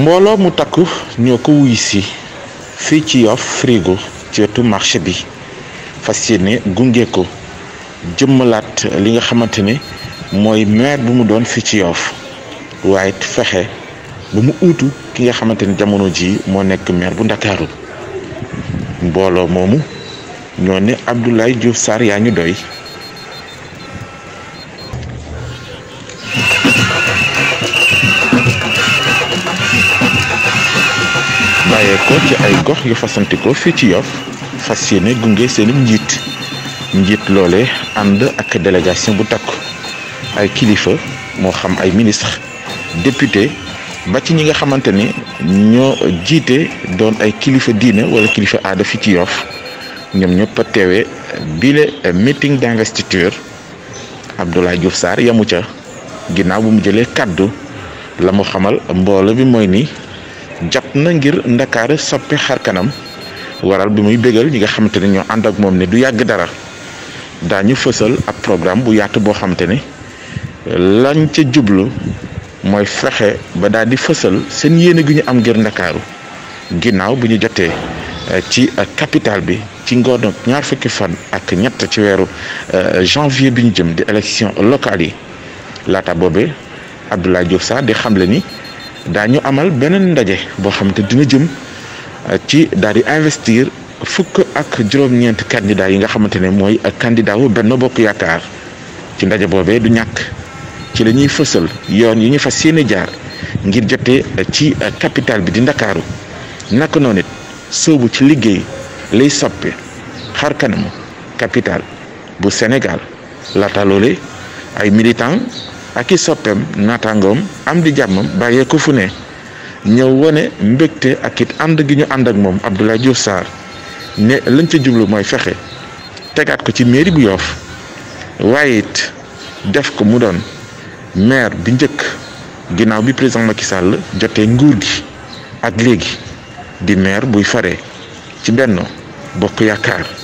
mbooloo mu takku ñoo ko wuy si fii ci Yoff frigo ci wetu marché bi fas yéene gunge ko jëmmalaat li nga xamante ne mooy maire bu mu doon fii ci Yoff waaye fexe ba mu uutu ki nga xamante ne jamono ji moo nekk meer bu Ndakaaru mbooloo moomu ñoo ni Abdoulaye Diouf Sarr yaa ñu doy bàyyeekoo ci ay gox yu fasantikoo fii ci Yoff fas yéene gunge seeni njiit njiit loole ànd ak délégation bu takk ay kilifa moo xam ay ministre député ba ci ñi nga xamante ni ñoo jiite doon ay kilifa diine wala kilifa aada fii ci yoof ñoom ñëpp a teewee bile meeting d'investiture Abdoulaye Diouf Sarr yamu ca ginnaaw bu mu jëlee kàddu la mu xamal mboolo bi mooy nii jàpp na ngir ndakaar soppi xar kanam waral bi muy bégal ñi nga xamante ne ñoo ànd ak moom ne du yàgg dara ñu fësal ab programme bu yaatu boo xamante ne lañ ci jublu mooy fexe ba daal di fësal seen yéene gi ñu am ngir ndakaaru ginnaaw bi ñu jotee eh, ci eh, capital bi ci ngoon ak ñaar fukki fan ak ñett ci weeru eh, janvier bi ñu jëm di élection locale yi laata boobe Abdoulaye Diouf Sarr di xamle ni. daañu amal beneen ndaje boo xamante te dina jëm euh, ci daal investir fukk ak juróom-ñeenti candidat yi nga xamante ne mooy candidat wu Benno Bokk Yaakaar ci ndaje boobee du ñàkk ci la ñuy fësal yoon yi ñu fas yéene jaar ngir jote ci euh, capital bi di ndakaaru naka noonu it sóobu ci liggéey lay soppe xar kanamu capital bu senegal laata loole ay militant ak i soppeem naataangoom am di jàmmam bàyyee ko fu ne ñëw wone mbégte ak it ànd gi ñu ànd ak moom Abdoulaye Diouf Sarr ne lañ ca jublu mooy fexe tegaat ko ci mairie bu yoof waaye it def ko mu doon maire bi njëkk ginnaaw bi président Macky Sall jotee nguur gi ak léegi di maire buy fare ci benn Bokk Yaakaar